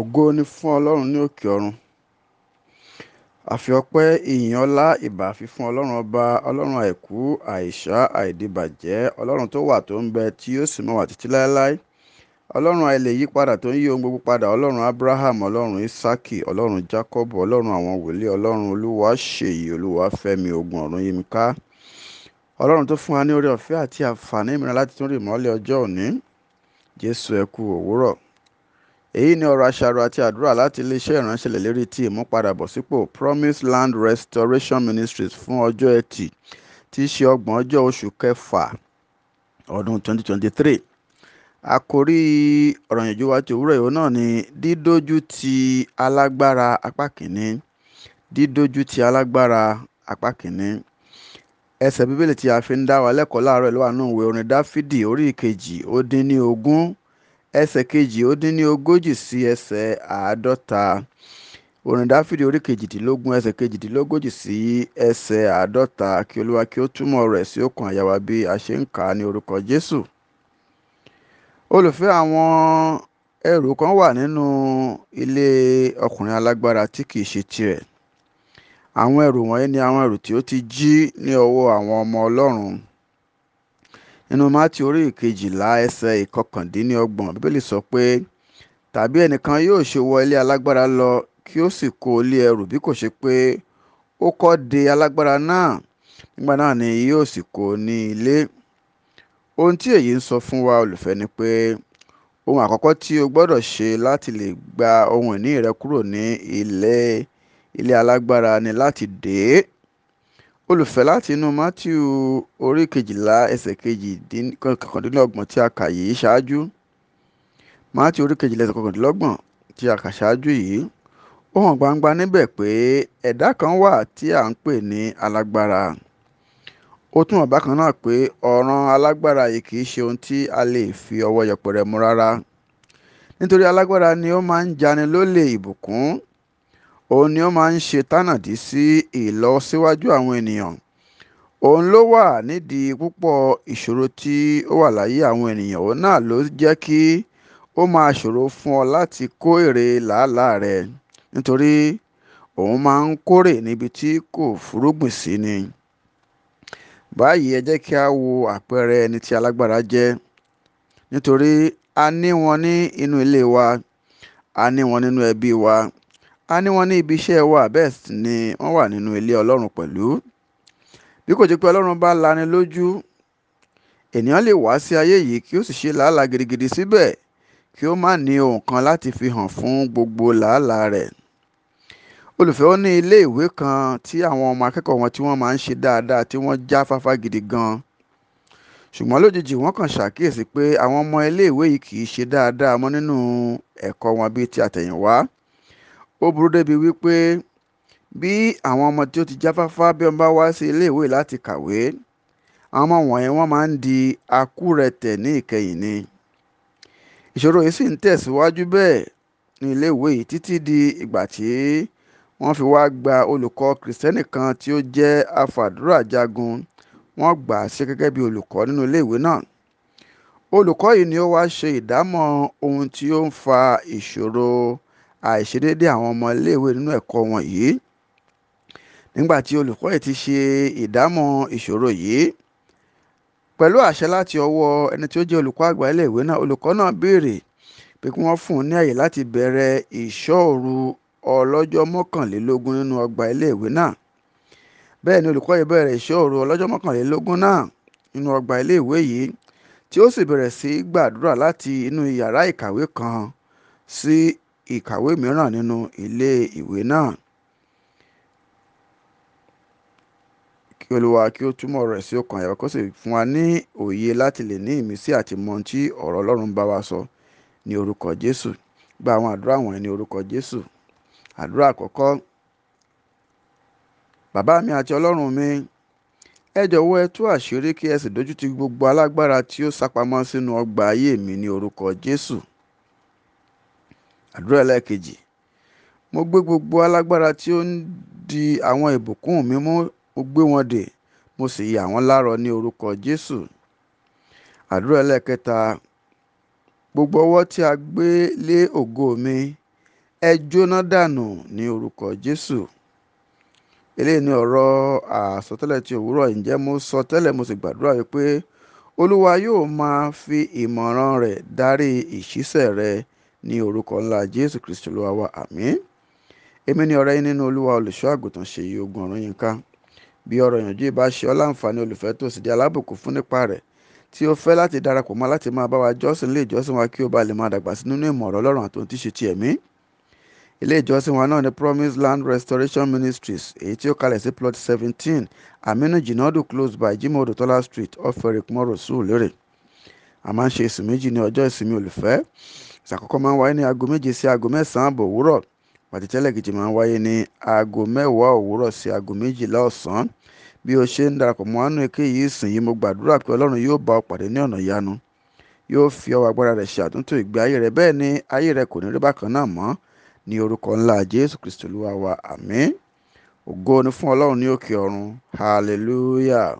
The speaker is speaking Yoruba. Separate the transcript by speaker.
Speaker 1: ògo ni fún ọlọ́run ní òkè ọ̀run àfi ọpẹ́ ìyìn ọlá ìbà fífún ọlọ́run ọba ọlọ́run àìkú àìṣá àìdìbàjẹ́ ọlọ́run tó wà tó ń bẹ tí yóò sì máa wà títí láéláé ọlọ́run àìlè yí padà tó ń yí ohun gbogbo padà ọlọ́run abraham ọlọ́run isaki ọlọ́run jacob ọlọ́run àwọn wòlíì ọlọ́run olúwa ṣèyí olúwa fẹ́mi ogun ọ̀run yìí mi ká ọlọ́run tó fún wa ní oore ọ̀fẹ́ àti àǹfààní mìíràn láti tún rìn mọ́lẹ̀ ọjọ́ òní jésù ẹ kú òwúrọ̀ èyí ni ọ̀rọ̀ àṣàrò àti àdúrà láti iléeṣẹ́ ìránṣẹ́lẹ̀ lérí ti ìmúpadàbọ̀sípò promise land restoration ministries fún ọjọ́ ẹtì tí í ṣe ọgbọ̀n ọjọ́ oṣù kẹfà ọdún 2023 àkórí ọ̀rọ̀ ìyànjú wa ti òwúrọ̀ ìwọ náà ni dídójú ti alágbára apá kìíní dídójú ti alágbára apá kìíní ẹsẹ̀ bíbélì tí a fi ń dá wa lẹ́kọ̀ọ́ láàárọ̀ ìlú àánú ìwé orin dáfídì orí ìkejì ó dín ní ogún ẹsẹ̀ kejì ó dín ní ogójì sí ẹsẹ̀ àádọ́ta orin dáfídì orí kejìdínlógún ẹsẹ̀ kejìdínlógójì sí ẹsẹ̀ àádọ́ta kí olúwa kí ó túmọ̀ rẹ̀ sí òkun àyàwá bí a ṣe ń kà á ní orúkọ jésù olùfẹ́ àwọn ẹrù kan wà nínú ilé ọkùnrin alágbára tí kìí ṣe tirẹ̀ àwọn ẹrù wọ̀nyí ni àwọn ẹrù tí ó ti jí ní ọwọ́ àwọn ọmọ ọlọ́run nínú mátì orí ìkejìlá ẹsẹ̀ ìkọkàndínlọ́gbọ̀n bíbélì sọ pé tàbí ẹnìkan yóò ṣe wọ ilé alágbára lọ kí ó sì kó ilé ẹrù bí kò ṣe pé ó kọ́ de alágbára náà nígbà náà ni yóò sì kó ní ilé ohun tí èyí ń sọ fún wa olùfẹ́ ni pé ohun àkọ́kọ́ tí o gbọ́dọ̀ ṣe láti lè gba ohun ìní rẹ kúrò ní ilé ilé alágbára ni láti dè olùfẹ́ láti inú matthew orí kejìlá ẹsẹ̀ kejìdínlọ́gbọ̀n tí a kà yìí ṣáájú matthew orí kejìlá ẹsẹ̀ kọkàndínlọ́gbọ̀n tí a kà ṣáájú yìí ó hàn gbangba níbẹ̀ pé ẹ̀dá kan wà tí à ń pè ní alágbára ó tún hàn bákan náà pé ọ̀ràn alágbára yìí kì í ṣe ohun tí a lè fi ọwọ́ yẹpẹrẹ mú rárá nítorí alágbára ni ó máa ń jani lólè ìbùkún òun ni ó máa ń ṣe tánàdí sí ìlọsíwájú àwọn ènìyàn òun ló wà nídìí púpọ̀ ìṣòro tí ó wà láyé àwọn ènìyàn òun náà ló jẹ́ kí ó máa ṣòro fún ọ láti kó èrè làálàá rẹ nítorí òun máa ń kórè níbi tí kò fúrúgbìn sí ni báyìí ẹ jẹ́ kí a wo àpẹẹrẹ ẹni tí alágbára jẹ́ nítorí a ní wọn ní inú ilé wa a ní wọn nínú ẹbí wa a ní wọ́n ní ibi iṣẹ́ wa best ni wọ́n wà nínú ilé ọlọ́run pẹ̀lú bí kò jẹ́ pé ọlọ́run bá lani lójú ènìyàn lè wá sí ayé yìí kí ó sì ṣe làálàá gidigidi síbẹ̀ kí ó má ní ohun kan láti fi hàn fún gbogbo làálàá rẹ̀ olùfẹ́ ó ní ilé ìwé kan tí àwọn ọmọ akẹ́kọ̀ọ́ wọn tí wọ́n máa ń ṣe dáadáa tí wọ́n já fáfá gidi gan ṣùgbọ́n lójijì wọ́n kàn ṣàkíyèsí pé àwọn ọmọ ilé ìwé yìí kì í ṣe dáadáa mọ́ nínú ẹ̀kọ́ wọn bíi ti àtẹ̀yìnwá ó burú débi wípé bí àwọn ọmọ tí ó ti jáfáfá bí wọ́n bá wá sí iléèwé láti kàwé àwọn ọmọ wọ̀nyẹn wọ́n máa ń di akúrẹ̀tẹ̀ ní ìkẹyìn ni ìṣòro yìí sì ń tẹ̀síwájú bẹ́ẹ̀ ní iléèwé yìí títí di ìgbà tí wọ́n fi wá gba olùkọ́ kìrìsìtẹ́nì kan tí ó jẹ́ afàdúràjagun wọ́n gbà á sí gẹ́gẹ́ bí olùkọ́ nínú iléèwé náà olùkọ́ yìí ni ó wá ṣe ìdámọ̀ ohun tí ó ń fa ìṣòro àìṣedéédé àwọn ọmọ iléèwé nínú ẹ̀kọ́ wọn yìí nígbà tí olùkọ́ yìí ti ṣe ìdámọ̀ ìṣòro yìí pẹ̀lú àṣẹ láti ọwọ́ ẹni tí ó jẹ́ olùkọ́ àgbà iléèwé náà olùkọ́ náà béèrè pé kí wọ́n fún un ní àyè láti bẹ̀rẹ̀ ìṣọ́òru ọlọ́jọ́ mọ́kànlélógún nínú ọgbà iléèwé náà bẹ́ẹ̀ ni olùkọ́ yìí bẹ̀rẹ̀ ìṣọ́òru ọlọ́jọ́ mọ́kànlélógún náà nínú ọgbà iléèwé yìí tí ó sì bẹ̀rẹ̀ sí gbàdúrà láti inú yàrá ìkàwé kan sí ìkàwé mìíràn nínú ilé ìwé náà. Kí Olúwa kí ó túmọ̀ rẹ̀ sí ọkàn àyà wa kó sì fún wa ní òye láti lè ní ìmísí àti mọ tí ọ̀rọ̀ Ọlọ́run bá wa sọ ní orúkọ Jésù. Gba àwọn àdúrà wọ̀nyí ní orúkọ Jésù. Àdúrà àkọ́kọ́. Bàbá mi àti Ọlọ́run mi, ẹ jọ̀wọ́ ẹ tú àṣírí kí ẹ sì dójútì gbogbo alágbára tí ó sápamọ́ sínú ọgbà ayé mi ní orúkọ Jésù àdúrà ẹlẹ́ẹ̀kejì mo gbé gbogbo alágbára tí ó ń di àwọn ìbùkún mi mú mo gbé wọn dè mo sì yà wọ́n lárọ ní orúkọ jésù àdúrà ẹlẹ́ẹ̀kẹta gbogbo ọwọ́ tí a gbé lé ògo mi ẹ jóná dànù ní orúkọ jésù eléyìí ni ọ̀rọ̀ àsọtẹ́lẹ̀ ti òwúrọ̀ ǹjẹ́ mo sọ tẹ́lẹ̀ mo sì gbàdúrà wípé olúwa yóò máa fi ìmọ̀ràn rẹ̀ darí ìṣísẹ̀ rẹ̀ ní orúkọ ńlá jésù kristu ló wá wá èmi ni ọ̀rẹ́ yín nínú olúwa olùṣọ́ àgùntàn ṣèyí ogun ọ̀run yín ká bí ọ̀rọ̀ yànjú ìbá ṣe ọ́ láǹfààní olùfẹ́ tó sì di alábùkún fún nípa rẹ̀ tí ó fẹ́ láti darapọ̀ mọ́ láti máa bá wa jọ́sìn ilé ìjọsìn wa kí ó ba lè máa dàgbà sí nínú ìmọ̀ ọ̀rọ̀ ọlọ́run àti ohun tí ṣe ti ẹ̀mí ilé ìjọsìn wa náà ni promise land restoration ministries èyí tí ó kalẹ̀ sí plot seventeen aminu jinadu close by jimoh odotola street off eric moro Lere. a máa ń ṣe ìsìn méjì ní ọjọ́ ìsinmi olùfẹ́ ìsàkọ́kọ́ máa ń wáyé ní aago méje sí aago mẹ́sàn-án àbọ̀ òwúrọ̀ pàtẹ́tẹ́lẹ̀ kejì máa ń wáyé ní aago mẹ́wàá òwúrọ̀ sí aago méjìlá ọ̀sán bí o ṣe ń darapọ̀ mọ́ àánú èké yìí sìn yìí mo gbàdúrà pé ọlọ́run yóò bá ọ pàdé ní ọ̀nà ìyanu yóò fi ọwọ́ agbára rẹ̀ ṣe àtúntò ìgbé ayé rẹ̀ bẹ́ẹ̀ ni ayé rẹ̀ kò ní rí bákan náà mọ́ ní orúkọ ńlá jésù kristu olúwa wa àmín ògo ni fún ọlọ́run ní òkè ọ̀run hallelujah.